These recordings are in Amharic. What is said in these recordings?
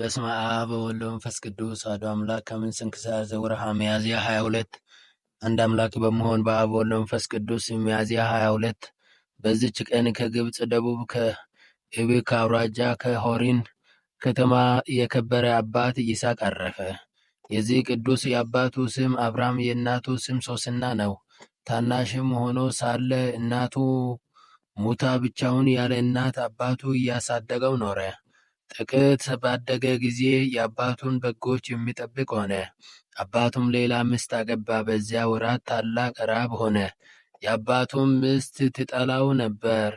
በስመ አብ ወወልድ ወመንፈስ ቅዱስ አሐዱ አምላክ። ከምን ስንክሳር ዘወርኃ ሚያዝያ 22 አንድ አምላክ በመሆን በአብ ወወልድ ወመንፈስ ቅዱስ። ሚያዝያ 22 በዚች ቀን ከግብፅ ደቡብ ከኤቤክ አውራጃ ከሆሪን ከተማ የከበረ አባት ይስሐቅ አረፈ። የዚህ ቅዱስ የአባቱ ስም አብርሃም የእናቱ ስም ሶስና ነው። ታናሽም ሆኖ ሳለ እናቱ ሙታ ብቻውን ያለ እናት አባቱ እያሳደገው ኖረ። ጥቂት ባደገ ጊዜ የአባቱን በጎች የሚጠብቅ ሆነ። አባቱም ሌላ ሚስት አገባ። በዚያ ወራት ታላቅ ራብ ሆነ። የአባቱም ሚስት ትጠላው ነበር፣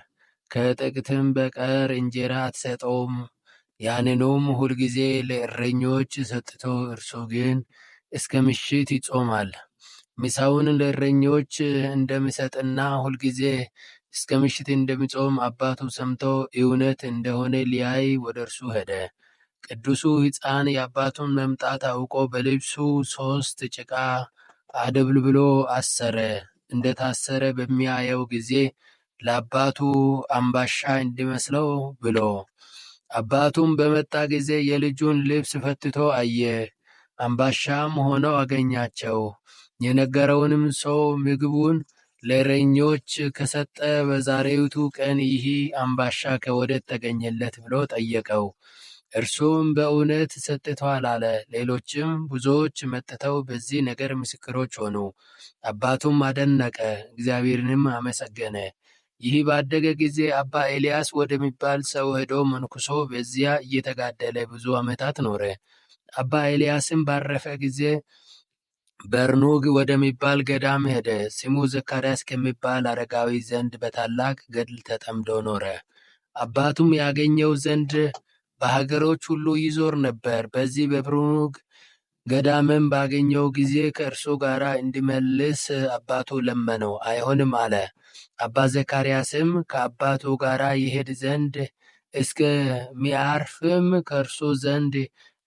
ከጥቂትም በቀር እንጀራ አትሰጠውም። ያንኑም ሁልጊዜ ለእረኞች ሰጥቶ እርሱ ግን እስከ ምሽት ይጾማል። ምሳውን ለእረኞች እንደሚሰጥና ሁልጊዜ እስከ ምሽት እንደሚጾም አባቱ ሰምቶ እውነት እንደሆነ ሊያይ ወደ እርሱ ሄደ። ቅዱሱ ሕፃን የአባቱን መምጣት አውቆ በልብሱ ሦስት ጭቃ አደብልብሎ አሰረ። እንደታሰረ በሚያየው ጊዜ ለአባቱ አምባሻ እንዲመስለው ብሎ አባቱም በመጣ ጊዜ የልጁን ልብስ ፈትቶ አየ። አምባሻም ሆነው አገኛቸው። የነገረውንም ሰው ምግቡን ለእረኞች ከሰጠ በዛሬውቱ ቀን ይህ አምባሻ ከወዴት ተገኘለት ብሎ ጠየቀው። እርሱም በእውነት ሰጥቷል አለ። ሌሎችም ብዙዎች መጥተው በዚህ ነገር ምስክሮች ሆኑ። አባቱም አደነቀ፣ እግዚአብሔርንም አመሰገነ። ይህ ባደገ ጊዜ አባ ኤልያስ ወደሚባል ሰው ሄዶ መንኩሶ በዚያ እየተጋደለ ብዙ ዓመታት ኖረ። አባ ኤልያስም ባረፈ ጊዜ በርኑግ ወደሚባል ገዳም ሄደ። ስሙ ዘካርያስ ከሚባል አረጋዊ ዘንድ በታላቅ ገድል ተጠምዶ ኖረ። አባቱም ያገኘው ዘንድ በሀገሮች ሁሉ ይዞር ነበር። በዚህ በብርኑግ ገዳምም ባገኘው ጊዜ ከእርሱ ጋር እንዲመልስ አባቱ ለመነው፣ አይሆንም አለ። አባ ዘካርያስም ከአባቱ ጋር ይሄድ ዘንድ እስከሚያርፍም ከእርሱ ዘንድ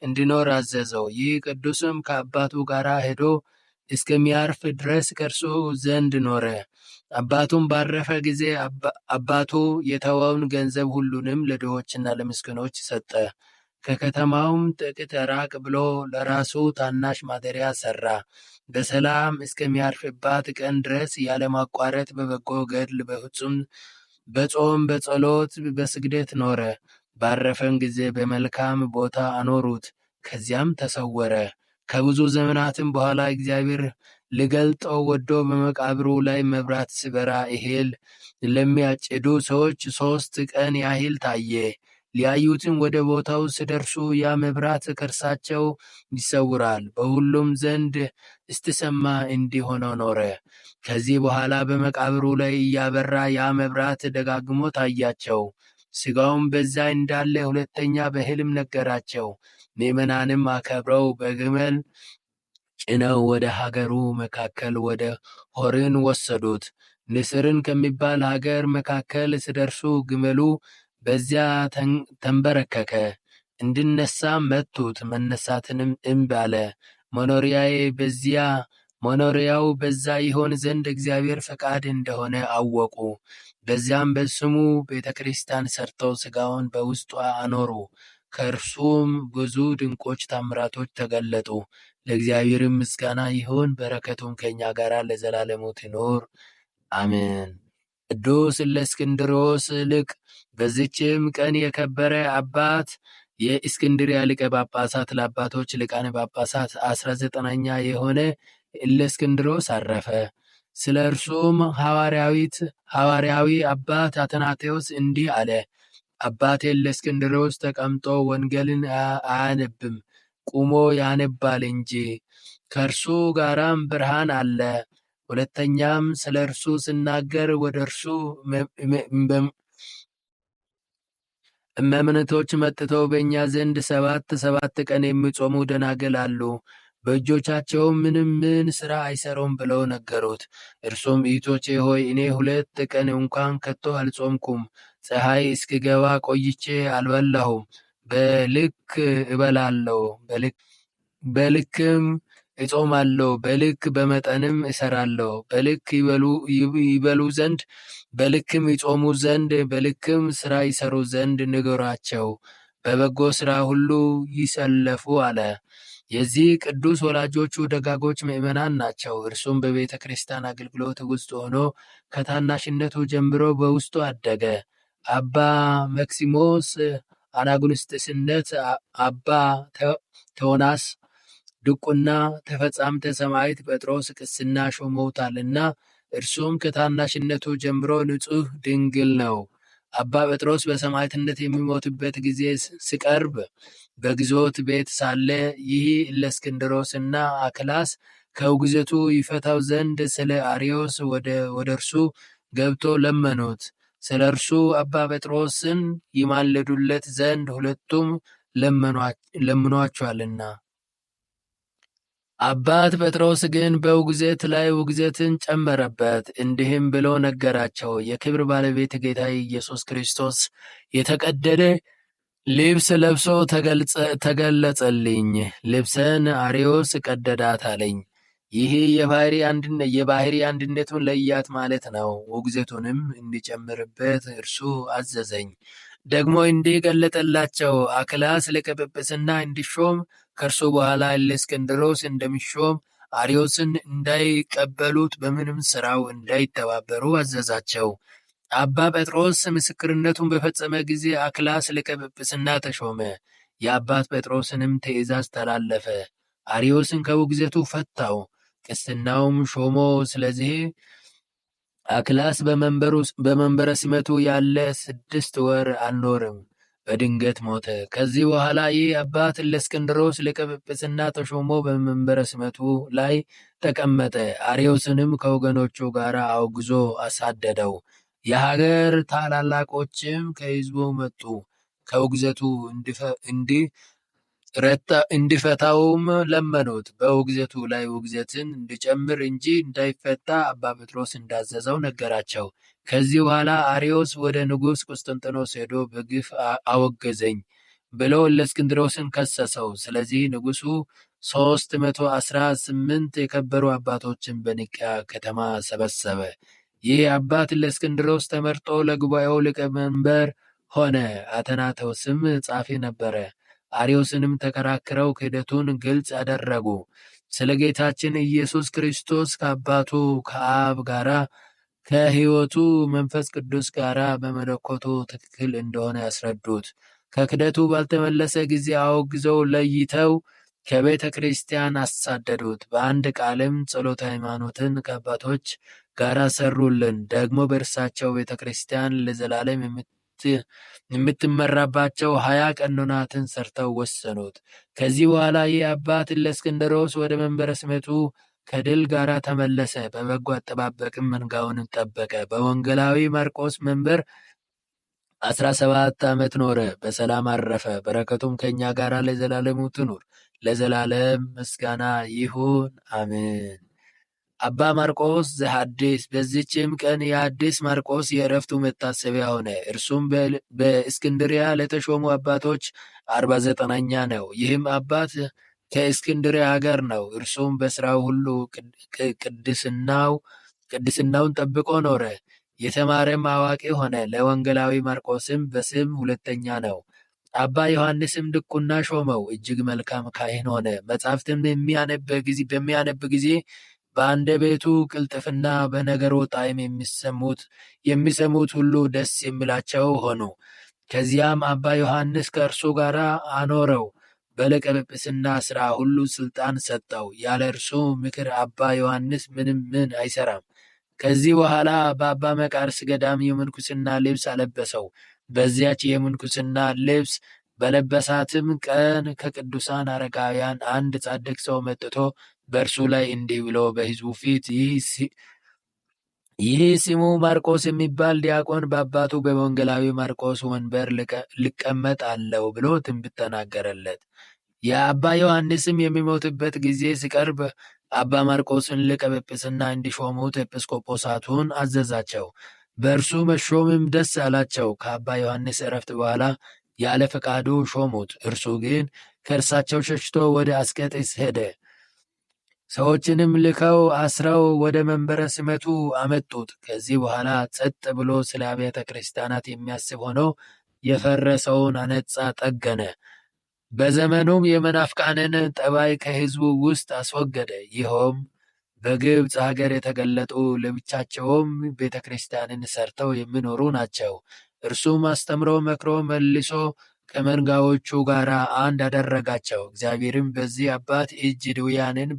እንዲኖር አዘዘው። ይህ ቅዱስም ከአባቱ ጋር ሄዶ እስከሚያርፍ ድረስ ከእርሱ ዘንድ ኖረ። አባቱም ባረፈ ጊዜ አባቱ የተወውን ገንዘብ ሁሉንም ለድሆችና ለምስኪኖች ሰጠ። ከከተማውም ጥቂት ራቅ ብሎ ለራሱ ታናሽ ማደሪያ ሰራ። በሰላም እስከሚያርፍባት ቀን ድረስ ያለማቋረጥ በበጎ ገድል፣ በፍጹም በጾም በጸሎት በስግደት ኖረ። ባረፈን ጊዜ በመልካም ቦታ አኖሩት። ከዚያም ተሰወረ። ከብዙ ዘመናትም በኋላ እግዚአብሔር ልገልጠው ወዶ በመቃብሩ ላይ መብራት ስበራ እህል ለሚያጭዱ ሰዎች ሦስት ቀን ያህል ታየ። ሊያዩትም ወደ ቦታው ስደርሱ ያ መብራት ከርሳቸው ይሰውራል፣ በሁሉም ዘንድ እስትሰማ እንዲህ ሆኖ ኖረ። ከዚህ በኋላ በመቃብሩ ላይ እያበራ ያ መብራት ደጋግሞ ታያቸው። ሥጋውም በዛ እንዳለ ሁለተኛ በሕልም ነገራቸው። ምእመናንም አከብረው በግመል ጭነው ወደ ሀገሩ መካከል ወደ ሆርን ወሰዱት። ንስርን ከሚባል ሀገር መካከል ሲደርሱ ግመሉ በዚያ ተንበረከከ። እንድነሳ መቱት። መነሳትንም እምቢ አለ። መኖሪያዬ በዚያ መኖሪያው በዛ ይሆን ዘንድ እግዚአብሔር ፈቃድ እንደሆነ አወቁ። በዚያም በስሙ ቤተ ክርስቲያን ሰርተው ሥጋውን በውስጧ አኖሩ። ከእርሱም ብዙ ድንቆች ታምራቶች ተገለጡ። ለእግዚአብሔር ምስጋና ይሁን፣ በረከቱም ከእኛ ጋር ለዘላለሙ ትኖር አሜን። ቅዱስ ለእስክንድሮስ ሊቅ። በዚችም ቀን የከበረ አባት የእስክንድርያ ሊቀ ጳጳሳት ለአባቶች ሊቃነ ጳጳሳት አስራ ዘጠነኛ የሆነ ለእስክንድሮስ አረፈ። ስለ እርሱም ሐዋርያዊ አባት አትናቴዎስ እንዲህ አለ። አባቴን ለእስክንድሮስ ተቀምጦ ወንጌልን አያነብም ቁሞ ያነባል እንጂ፣ ከእርሱ ጋራም ብርሃን አለ። ሁለተኛም ስለ እርሱ ስናገር ወደ እርሱ እመምነቶች መጥተው በእኛ ዘንድ ሰባት ሰባት ቀን የሚጾሙ ደናግል አሉ፣ በእጆቻቸው ምንም ምን ሥራ አይሰሩም ብለው ነገሩት። እርሱም እኅቶቼ ሆይ እኔ ሁለት ቀን እንኳን ከቶ አልጾምኩም ፀሐይ እስክገባ ቆይቼ አልበላሁም። በልክ እበላለሁ፣ በልክም እጾማለሁ፣ በልክ በመጠንም እሰራለሁ። በልክ ይበሉ ዘንድ፣ በልክም ይጾሙ ዘንድ፣ በልክም ስራ ይሰሩ ዘንድ ንገሯቸው፣ በበጎ ስራ ሁሉ ይሰለፉ አለ። የዚህ ቅዱስ ወላጆቹ ደጋጎች ምእመናን ናቸው። እርሱም በቤተ ክርስቲያን አገልግሎት ውስጥ ሆኖ ከታናሽነቱ ጀምሮ በውስጡ አደገ። አባ መክሲሞስ አናጉንስጥስነት፣ አባ ቴዎናስ ድቁና፣ ተፈጻምተ ሰማዕት ጴጥሮስ ቅስና ሾመውታልና እርሱም ከታናሽነቱ ጀምሮ ንጹሕ ድንግል ነው። አባ ጴጥሮስ በሰማዕትነት የሚሞትበት ጊዜ ሲቀርብ በግዞት ቤት ሳለ ይህ እለእስክንድሮስና አክላስ ከውግዘቱ ይፈታው ዘንድ ስለ አርዮስ ወደ እርሱ ገብቶ ለመኑት። ስለ እርሱ አባ ጴጥሮስን ይማልዱለት ዘንድ ሁለቱም ለምኗቸዋልና። አባት ጴጥሮስ ግን በውግዘት ላይ ውግዘትን ጨመረበት፣ እንዲህም ብሎ ነገራቸው። የክብር ባለቤት ጌታ ኢየሱስ ክርስቶስ የተቀደደ ልብስ ለብሶ ተገለጸልኝ። ልብሰን አርዮስ ቀደዳት አለኝ። ይሄ የባህሪ አንድነቱን ለያት ማለት ነው። ሞገሲቱንም እንዲጨምርበት እርሱ አዘዘኝ። ደግሞ እንዲህ ገለጠላቸው፣ አክላ ሊቀ ጵጵስና እንዲሾም ከእርሱ በኋላ እለእስክንድሮስ እንደሚሾም አርዮስን እንዳይቀበሉት በምንም ስራው እንዳይተባበሩ አዘዛቸው። አባ ጴጥሮስ ምስክርነቱን በፈጸመ ጊዜ አክላስ ሊቀ ጵጵስና ተሾመ። የአባት ጴጥሮስንም ትእዛዝ ተላለፈ። አርዮስን ከሞገሲቱ ፈታው። ቅስናውም ሾሞ ስለዚህ አክላስ በመንበረ ሲመቱ ያለ ስድስት ወር አልኖርም፣ በድንገት ሞተ። ከዚህ በኋላ ይህ አባት ለእስክንድሮስ ሊቀ ጵጵስና ተሾሞ በመንበረ ሲመቱ ላይ ተቀመጠ። አርዮስንም ከወገኖቹ ጋር አውግዞ አሳደደው። የሀገር ታላላቆችም ከሕዝቡ መጡ። ከውግዘቱ እንዲህ እንዲፈታውም ለመኑት። በውግዘቱ ላይ ውግዘትን እንዲጨምር እንጂ እንዳይፈታ አባ ጴጥሮስ እንዳዘዘው ነገራቸው። ከዚህ በኋላ አርዮስ ወደ ንጉሥ ቆስጠንጢኖስ ሄዶ በግፍ አወገዘኝ ብሎ ለእስክንድሮስን ከሰሰው። ስለዚህ ንጉሡ 318 የከበሩ አባቶችን በኒቅያ ከተማ ሰበሰበ። ይህ አባት ለእስክንድሮስ ተመርጦ ለጉባኤው ሊቀመንበር ሆነ። ስም ጻፊ ነበረ። አሪዮስንም ተከራክረው ክህደቱን ግልጽ አደረጉ። ስለ ጌታችን ኢየሱስ ክርስቶስ ከአባቱ ከአብ ጋራ ከሕይወቱ መንፈስ ቅዱስ ጋር በመለኮቱ ትክክል እንደሆነ ያስረዱት። ከክደቱ ባልተመለሰ ጊዜ አወግዘው ለይተው ከቤተ ክርስቲያን አሳደዱት። በአንድ ቃልም ጸሎተ ሃይማኖትን ከአባቶች ጋር ሰሩልን። ደግሞ በእርሳቸው ቤተ ክርስቲያን ለዘላለም የምትመራባቸው ሀያ ቀኖናትን ሰርተው ወሰኑት። ከዚህ በኋላ ይህ አባት እለእስክንድሮስ ወደ መንበረ ስመቱ ከድል ጋር ተመለሰ። በበጎ አጠባበቅም መንጋውን ጠበቀ። በወንጌላዊ ማርቆስ መንበር አስራ ሰባት ዓመት ኖረ፣ በሰላም አረፈ። በረከቱም ከእኛ ጋር ለዘላለሙ ትኑር። ለዘላለም ምስጋና ይሁን አሜን። አባ ማርቆስ ዘሐዲስ። በዚችም ቀን የአዲስ ማርቆስ የዕረፍቱ መታሰቢያ ሆነ። እርሱም በእስክንድሪያ ለተሾሙ አባቶች አርባ ዘጠናኛ ነው። ይህም አባት ከእስክንድሪያ ሀገር ነው። እርሱም በስራው ሁሉ ቅድስናውን ጠብቆ ኖረ። የተማረም አዋቂ ሆነ። ለወንጌላዊ ማርቆስም በስም ሁለተኛ ነው። አባ ዮሐንስም ድቁና ሾመው። እጅግ መልካም ካህን ሆነ። መጻሕፍትም በሚያነብ ጊዜ በአንደበቱ ቅልጥፍና በነገሮ ጣዕም የሚሰሙት ሁሉ ደስ የሚላቸው ሆኑ። ከዚያም አባ ዮሐንስ ከእርሱ ጋር አኖረው። በለቀጵጵስና ሥራ ሁሉ ሥልጣን ሰጠው። ያለ እርሱ ምክር አባ ዮሐንስ ምንም ምን አይሠራም። ከዚህ በኋላ በአባ መቃርስ ገዳም የምንኩስና ልብስ አለበሰው። በዚያች የምንኩስና ልብስ በለበሳትም ቀን ከቅዱሳን አረጋውያን አንድ ጻድቅ ሰው መጥቶ በእርሱ ላይ እንዲህ ብሎ በሕዝቡ ፊት ይህ ስሙ ማርቆስ የሚባል ዲያቆን በአባቱ በወንጌላዊ ማርቆስ ወንበር ልቀመጥ አለው ብሎ ትንቢት ተናገረለት። የአባ ዮሐንስም የሚሞትበት ጊዜ ሲቀርብ አባ ማርቆስን ሊቀ ጵጵስና እንዲሾሙት ኤጲስቆጶሳቱን አዘዛቸው። በእርሱ መሾምም ደስ አላቸው። ከአባ ዮሐንስ እረፍት በኋላ ያለ ፈቃዱ ሾሙት። እርሱ ግን ከእርሳቸው ሸሽቶ ወደ አስቄጥስ ሄደ። ሰዎችንም ልከው አስረው ወደ መንበረ ስመቱ አመጡት። ከዚህ በኋላ ጸጥ ብሎ ስለ አብያተ ክርስቲያናት የሚያስብ ሆኖ የፈረሰውን አነጻ፣ ጠገነ። በዘመኑም የመናፍቃንን ጠባይ ከሕዝቡ ውስጥ አስወገደ። ይኸውም በግብፅ ሀገር የተገለጡ ለብቻቸውም ቤተ ክርስቲያንን ሰርተው የሚኖሩ ናቸው። እርሱም አስተምሮ መክሮ መልሶ ከመንጋዎቹ ጋር አንድ አደረጋቸው። እግዚአብሔርም በዚህ አባት እጅ ድውያንን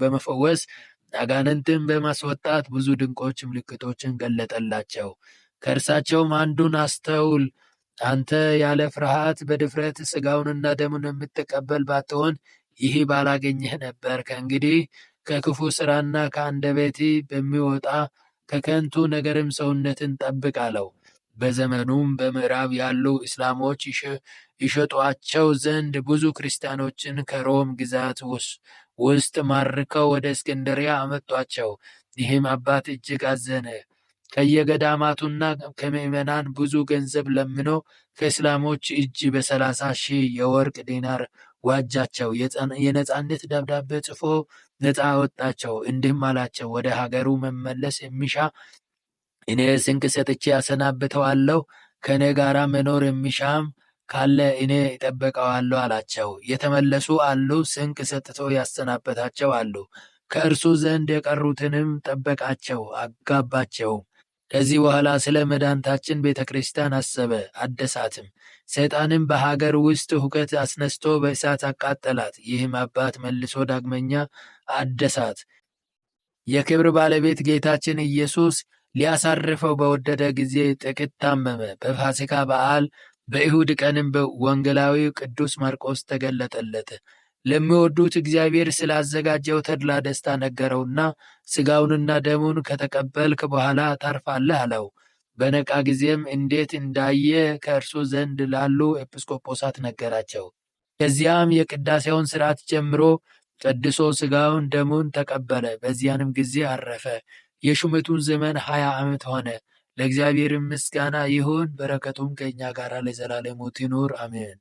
በመፈወስ አጋንንትን በማስወጣት ብዙ ድንቆች ምልክቶችን ገለጠላቸው። ከእርሳቸውም አንዱን አስተውል አንተ ያለ ፍርሃት በድፍረት ሥጋውንና ደሙን የምትቀበል ባትሆን ይህ ባላገኘህ ነበር። ከእንግዲህ ከክፉ ሥራና ከአንደበት በሚወጣ ከከንቱ ነገርም ሰውነትን ጠብቅ አለው። በዘመኑም በምዕራብ ያሉ እስላሞች ይሸጧቸው ዘንድ ብዙ ክርስቲያኖችን ከሮም ግዛት ውስጥ ማርከው ወደ እስክንድሪያ አመጧቸው። ይህም አባት እጅግ አዘነ። ከየገዳማቱና ከምዕመናን ብዙ ገንዘብ ለምኖ ከእስላሞች እጅ በሰላሳ ሺህ የወርቅ ዲናር ዋጃቸው። የነፃነት ደብዳቤ ጽፎ ነፃ አወጣቸው። እንዲህም አላቸው፣ ወደ ሀገሩ መመለስ የሚሻ እኔ ስንቅ ሰጥቼ ያሰናብተዋለሁ፣ ከእኔ ጋር መኖር የሚሻም ካለ እኔ እጠበቀዋለሁ አላቸው። የተመለሱ አሉ፣ ስንቅ ሰጥቶ ያሰናበታቸው አሉ። ከእርሱ ዘንድ የቀሩትንም ጠበቃቸው፣ አጋባቸው። ከዚህ በኋላ ስለ መድኃኒታችን ቤተ ክርስቲያን አሰበ፣ አደሳትም። ሰይጣንም በሀገር ውስጥ ሁከት አስነስቶ በእሳት አቃጠላት። ይህም አባት መልሶ ዳግመኛ አደሳት። የክብር ባለቤት ጌታችን ኢየሱስ ሊያሳርፈው በወደደ ጊዜ ጥቂት ታመመ። በፋሲካ በዓል በይሁድ ቀንም ወንጌላዊው ቅዱስ ማርቆስ ተገለጠለት። ለሚወዱት እግዚአብሔር ስላዘጋጀው ተድላ ደስታ ነገረውና ሥጋውንና ደሙን ከተቀበልክ በኋላ ታርፋለህ አለው። በነቃ ጊዜም እንዴት እንዳየ ከእርሱ ዘንድ ላሉ ኤጲስቆጶሳት ነገራቸው። ከዚያም የቅዳሴውን ሥርዓት ጀምሮ ቀድሶ ሥጋውን ደሙን ተቀበለ። በዚያንም ጊዜ አረፈ። የሹመቱን ዘመን ሀያ ዓመት ሆነ። ለእግዚአብሔርም ምስጋና ይሁን፣ በረከቱም ከእኛ ጋር ለዘላለሙ ትኑር አሜን።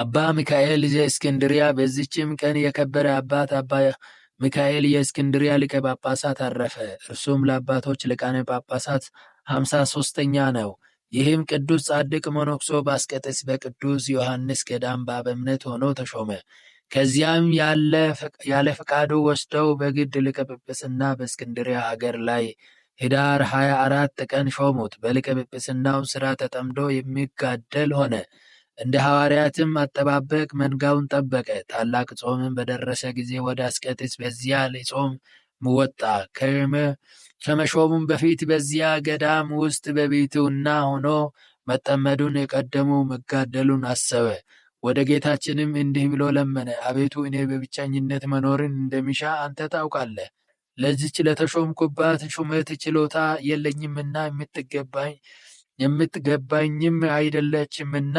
አባ ሚካኤል እስክንድሪያ በዚችም ቀን የከበረ አባት አባ ሚካኤል የእስክንድሪያ ሊቀ ጳጳሳት አረፈ። እርሱም ለአባቶች ሊቃነ ጳጳሳት ሃምሳ ሦስተኛ ነው። ይህም ቅዱስ ጻድቅ መነኩሴ በአስቄጥስ በቅዱስ ዮሐንስ ገዳም በአበ ምኔት ሆኖ ተሾመ። ከዚያም ያለ ፈቃዱ ወስደው በግድ ሊቀ ጵጵስና ሀገር ላይ ህዳር 24 ቀን ሾሙት። በሊቀ ጵጵስናው ሥራ ተጠምዶ የሚጋደል ሆነ። እንደ ሐዋርያትም አጠባበቅ መንጋውን ጠበቀ። ታላቅ ጾምም በደረሰ ጊዜ ወደ አስቄጥስ በዚያ ሊጾም ወጣ። ከመሾሙም በፊት በዚያ ገዳም ውስጥ በቤቱ እና ሆኖ መጠመዱን የቀደሙ መጋደሉን አሰበ። ወደ ጌታችንም እንዲህ ብሎ ለመነ። አቤቱ እኔ በብቸኝነት መኖርን እንደሚሻ አንተ ታውቃለህ። ለዚች ለተሾምኩባት ሹመት ችሎታ የለኝምና የምትገባኝም አይደለችምና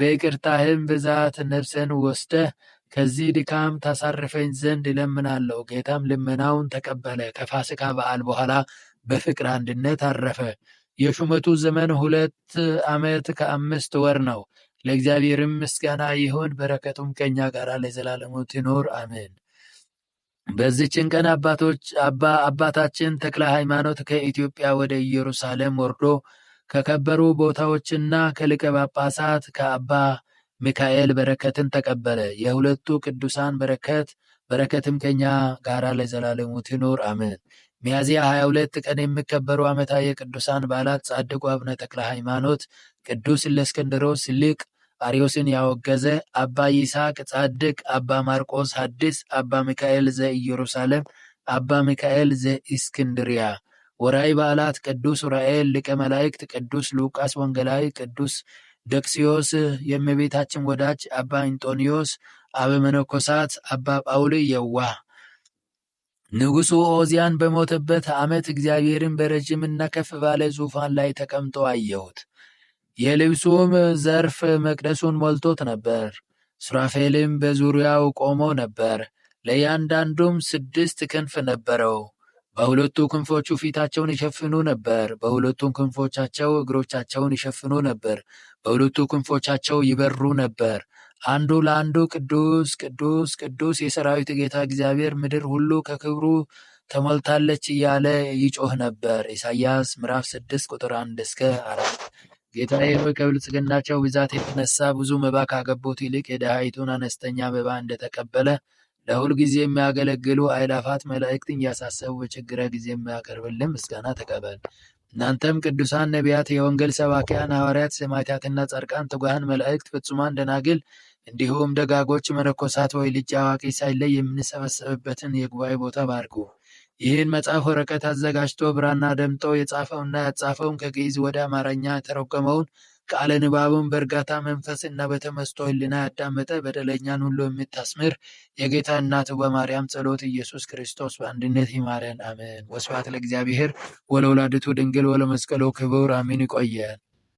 በይቅርታህም ብዛት ነፍሴን ወስደህ ከዚህ ድካም ታሳርፈኝ ዘንድ እለምናለሁ። ጌታም ልመናውን ተቀበለ። ከፋሲካ በዓል በኋላ በፍቅር አንድነት አረፈ። የሹመቱ ዘመን ሁለት ዓመት ከአምስት ወር ነው። ለእግዚአብሔርም ምስጋና ይሁን፣ በረከቱም ከኛ ጋር ለዘላለሙ ትኖር አሜን። በዚችን ቀን አባቶች አባታችን ተክለ ሃይማኖት ከኢትዮጵያ ወደ ኢየሩሳሌም ወርዶ ከከበሩ ቦታዎችና ከሊቀ ጳጳሳት ከአባ ሚካኤል በረከትን ተቀበለ። የሁለቱ ቅዱሳን በረከት በረከትም ከኛ ጋራ ለዘላለሙ ትኖር አሜን። ሚያዝያ 22 ቀን የሚከበሩ ዓመታዊ የቅዱሳን በዓላት ጻድቁ አቡነ ተክለ ሃይማኖት፣ ቅዱስ እለእስክንድሮስ ሊቅ አሪዮስን ያወገዘ፣ አባ ይስሐቅ ጻድቅ፣ አባ ማርቆስ ሐዲስ፣ አባ ሚካኤል ዘኢየሩሳሌም፣ አባ ሚካኤል ዘእስክንድርያ። ወራይ በዓላት፦ ቅዱስ ዑራኤል ሊቀ መላእክት፣ ቅዱስ ሉቃስ ወንጌላዊ፣ ቅዱስ ደክሲዮስ የእመቤታችን ወዳጅ፣ አባ እንጦንዮስ አበመነኮሳት፣ አባ ጳውል የዋ። ንጉሡ ኦዚያን በሞተበት ዓመት እግዚአብሔርን በረዥምና ከፍ ባለ ዙፋን ላይ ተቀምጦ አየሁት። የልብሱም ዘርፍ መቅደሱን ሞልቶት ነበር። ሱራፌልም በዙሪያው ቆሞ ነበር። ለእያንዳንዱም ስድስት ክንፍ ነበረው። በሁለቱ ክንፎቹ ፊታቸውን ይሸፍኑ ነበር፣ በሁለቱም ክንፎቻቸው እግሮቻቸውን ይሸፍኑ ነበር፣ በሁለቱ ክንፎቻቸው ይበሩ ነበር። አንዱ ለአንዱ ቅዱስ ቅዱስ ቅዱስ የሰራዊት ጌታ እግዚአብሔር፣ ምድር ሁሉ ከክብሩ ተሞልታለች እያለ ይጮህ ነበር። ኢሳይያስ ምዕራፍ 6 ቁጥር 1 እስከ አራት ጌታዬ ሆይ ከብልጽግናቸው ብዛት የተነሳ ብዙ መባ ካገቡት ይልቅ የድሃይቱን አነስተኛ መባ እንደተቀበለ ለሁል ጊዜ የሚያገለግሉ አእላፋት መላእክት እያሳሰቡ በችግረ ጊዜ የሚያቀርብልን ምስጋና ተቀበል። እናንተም ቅዱሳን ነቢያት፣ የወንጌል ሰባኪያን ሐዋርያት፣ ሰማዕታትና ጻድቃን፣ ትጉሃን መላእክት፣ ፍጹማን ደናግል እንዲሁም ደጋጎች መነኮሳት ወይ ልጅ አዋቂ ሳይለይ የምንሰበሰብበትን የጉባኤ ቦታ ባርኩ። ይህን መጽሐፍ ወረቀት አዘጋጅቶ ብራና ደምጦ የጻፈውና ያጻፈውን ከግዕዝ ወደ አማርኛ የተረጎመውን ቃለ ንባቡን በእርጋታ መንፈስ እና በተመስጦ ሕሊና ያዳመጠ በደለኛን ሁሉ የምታስምር የጌታ እናቱ በማርያም ጸሎት ኢየሱስ ክርስቶስ በአንድነት ይማረን፣ አሜን። ወስብሐት ለእግዚአብሔር ወለወላዲቱ ድንግል ወለመስቀሉ ክቡር አሜን። ይቆየን።